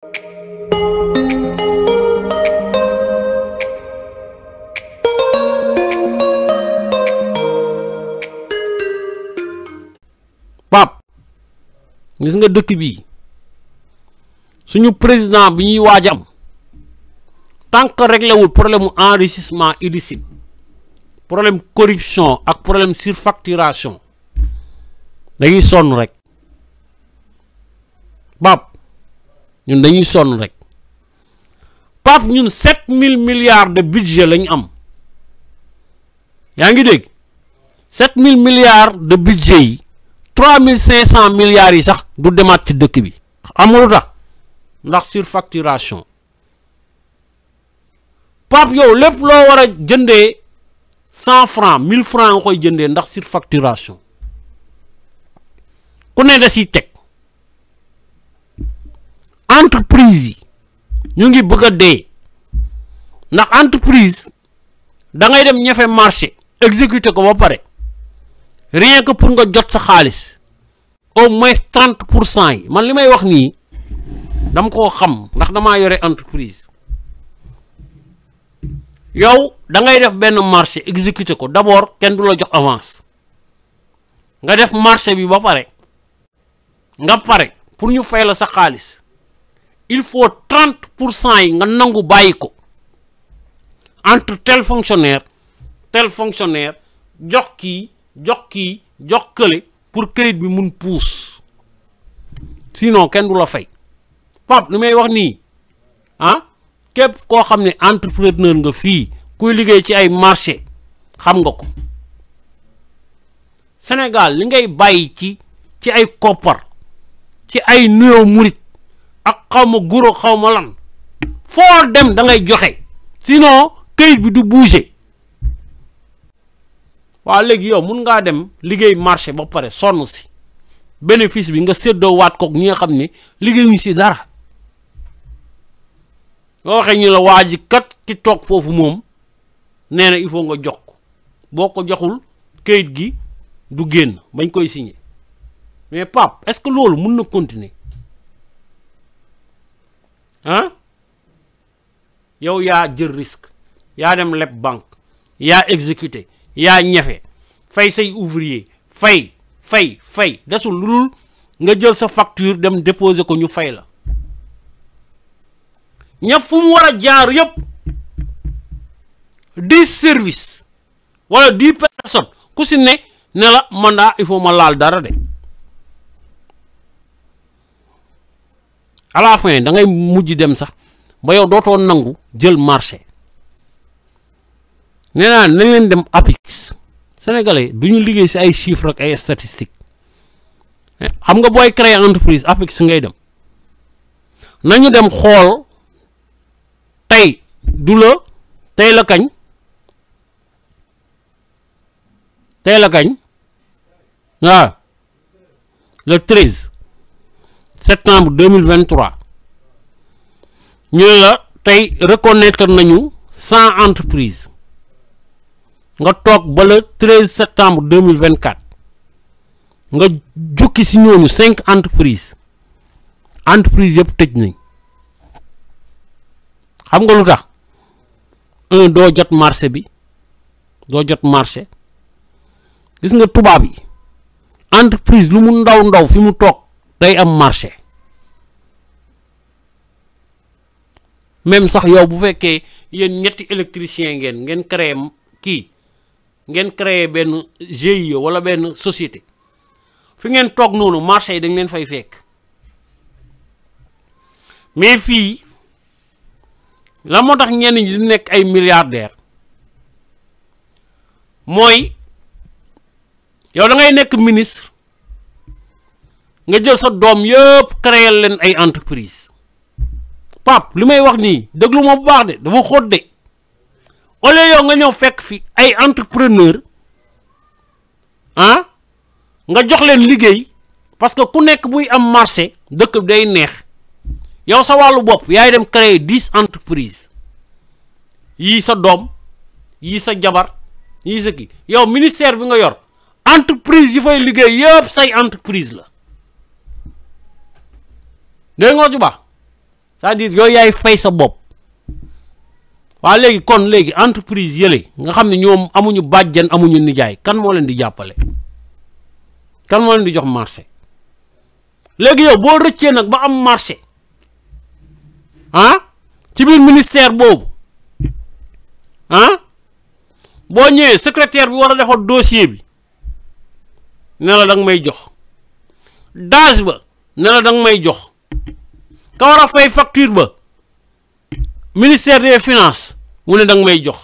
pap gis nga dëkk bi suñu président bi ñuy waaj am tant que réglé wul mu enrichissement illicite problème corruption ak problème surfacturation dañuy sonn rek ñun dañuy sonn rek pap ñun sept mille milliards de budget lañ am yaa ngi dégg sept mille milliards de budget yi trois mille cinq cent milliards yi sax du demaat ci dëkk bi amul tax ndax surfacturation pap yow lépp loo war a jëndee cent francs mille francs nga koy jëndee ndax surfacturation ku ne da siy teg entreprise yi ñu ngi bëgg a dee ndax entreprise da ngay dem ñafe marché exécuter ko ba pare rien que pour nga jot sa xaalis au moins trente pour cent yi man li may wax nii dama koo xam ndax damaa yore entreprise yow da ngay def benn marché exécuter ko d'abord kenn du la jox avance nga def marché bi ba pare nga pare pour ñu fay la sa xaalis il faut 30% yi nga nangu bayiko entre tel fonctionnaire tel fonctionnaire jox kii jox jox pour këyit bi mun pousse sinon ken du la fay pap limay wax ni hein ah, kep ko xamné entrepreneur nga fi kuy liggéey ci ay marché xam nga ko Sénégal li ngay bàyyi ci ci ay koppar ci ay nuyo murit xaw ma guro xaw ma lan foo dem da ngay joxe sinon kayit bi du bouger waa léegi yow mun ngaa dem liggéey marché ba pare sonn si bénéfice bi nga séddoo waat kook ñi nga xam ne liggéeyuñ si dara nga waxee ñu la waa ji kat ki toog foofu moom nee na il faut nga jox ko boo ko joxul kayit gi du génn bañ koy signé mais Pape est-ce que loolu mun na continuer ah yow yaa jël risque yaa dem leb banque yaa exécuté yaa ñafe fay say ouvrier fay fay fay desul lu dul nga jël sa facture dem déposer ko ñu fay la ña fu mu war a jaar yëpp dix service wala dix personnes ku si ne ne la mandat il faut ma laal dara de à la fin da mujj dem sax ba yow dootoo nangu jël marché nee naa nañ leen dem APIX sénégalais du ñu liggéey si ay chiffres ak ay statistiques eh, xam nga booy créer entreprise APIX ngay dem nañu dem xool tey du la tey la kañ tey la kañ waaw le treize. septembre 2023 ñu ne la tey reconnaître nañu cent entreprise nga toog ba le treize septembre 2024 nga jukki si ñooñu cinq entreprise entreprises yëpp tëj nañ xam nga lu tax doo jot marché bi doo jot marché gis nga tubaab yi entreprise lu mu ndaw ndaw fi mu toog day am marché même sax yow bu fekkee yéen ñetti électricien ngeen ngeen créer kii ngeen créer benn GIE wala benn société fi ngeen toog noonu marché yi dañ leen fay fekk mais fii la moo tax ñenn ñi di nekk ay milliardaire mooy yow da nekk ministre nga jël sa doom yépp créer leen ay entreprise pap li may wax ni déglu mo bu baax de dafa xoot de nga ñëw fekk fi ay entrepreneur ah nga jox leen liggéey parce que ku nekk buy am marché dëkk day neex yow sa walu bopp yaay dem créer 10 entreprise yi sa doom yi sa jabar yi sa ki yow ministère bi nga yor entreprise yi fay liggéey yépp say entreprise la day ngoor ju baax cest à yooyu yaay fay sa bopp waa léegi kon léegi entreprise yële nga xam ne ñoom amuñu bàjjan amuñu nijaay kan moo leen di jàppale kan moo leen di jox marché léegi yow boo rëccee nag ba am marché ah ci biir ministère boobu ah boo ñëwee secretaire bi war a defar dossier bi ne la may jox daas ba ne la da nga may jox ka war a fay facture ba ministère des finances mu ne danga may jox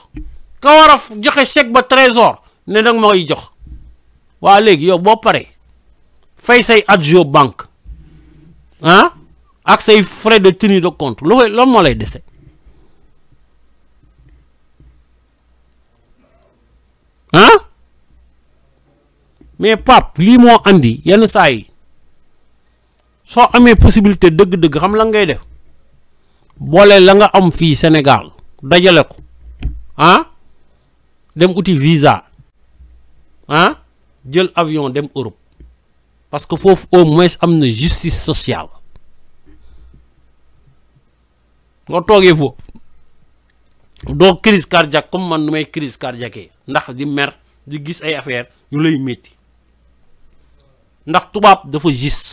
ka war a joxe chèque ba trésor ne danga ma jox waa léegi yow boo pare fay say adjo banque ah ak say frais de tenue de compte lu koy loolu moo lay dese ah mais Pape lii moo indi yenn saa yi so amé possibilité deug deug xam la ngay def bolé la nga am fi sénégal dajalé ko hein ah dem outil visa hein ah djel avion dem europe parce que fofu au moins amna justice sociale nga togué fo do crise cardiaque comme man numay crise cardiaque ndax di mer di gis ay affaire yu lay metti ndax tubab dafa gis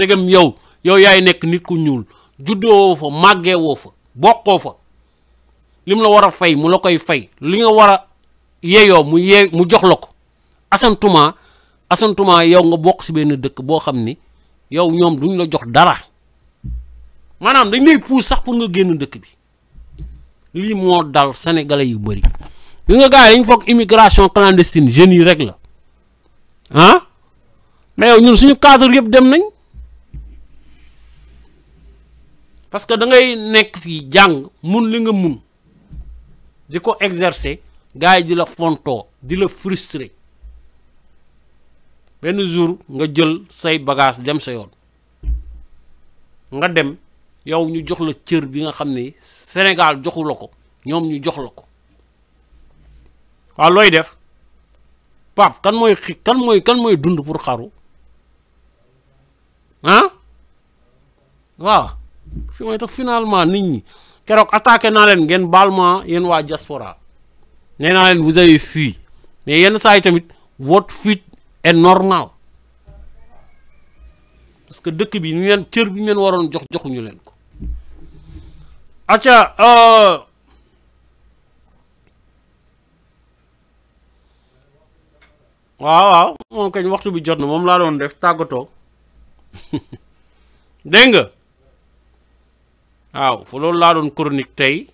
segam yow yow yaay nekk nit ku ñuul juddoo fa màggee woo fa bokkoo fa lim la war a fay mu la koy fay li nga war a yeyoo mu yee mu jox la ko asantuma asantuma yow nga bokk si benn dëkk boo xam ni yow ñoom duñ la jox dara maanaam dañ lay puus sax pour nga génn dëkk bi lii moo dal sénégalais yu bëri li nga gars yi dañ foog immigration clandestine jeunes yi rek la ah mais yow ñun suñu cadre yëpp dem nañ parce que da ngay nek fi jang mun li nga mun di exercer gaay di la fonto di la frustrer ben jour nga jël say bagage dem sa yoon nga dem yow ñu jox la cër bi nga xam ne Sénégal joxu ko ñu jox lako ko loy def pap kan moy kan moy kan moy dund pour xaru ah wow. fi mooy tax finalement nit ñi keroog attaqué naa leen ngeen baal ma yéen waa diaspora nee naa leen vous avez fui mais yenn saa yi tamit votre fuite est normale parce que dëkk bi ñu leen cër bi ñu leen waroon jox joxuñu leen ko acca euh, waaw waaw moom kañ waxtu bi jot na moom laa doon def tàggatoo dégg nga waaw fu loolu laa doon chronique tey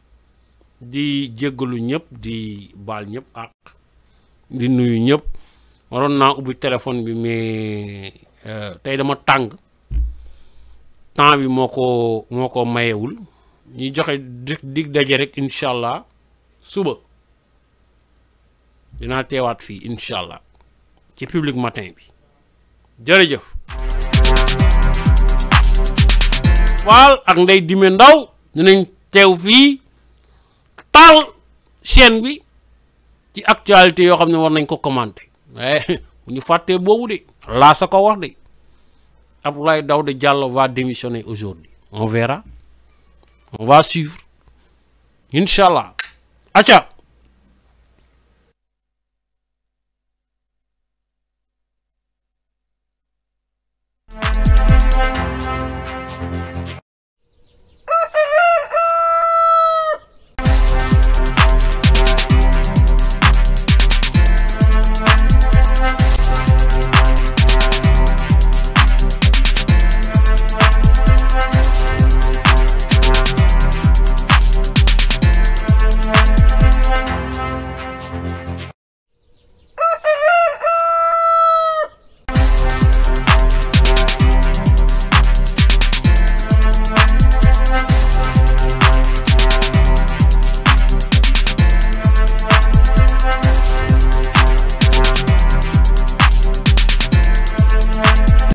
di jéggalu ñëpp di baal ñëpp ak di nuyu ñëpp waroon naa ubbi téléphone bi mais euh, tey dama tàng temps bi moo ko moo ko mayewul ñi joxe dig dig daje rek incha allah suba dinaa teewaat fii incha allah ci public matin bi jërëjëf Fall ak Ndeye Dime Ndaw nañ teew fii taal chaîne bi ci actualité yoo xam ne war nañ ko commenter waaye eh, ñu fàttee boobu de laa sa ko wax de Abdoulaye Daouda Diallo va démissionner aujourd'hui on verra on va suivre incha allah aca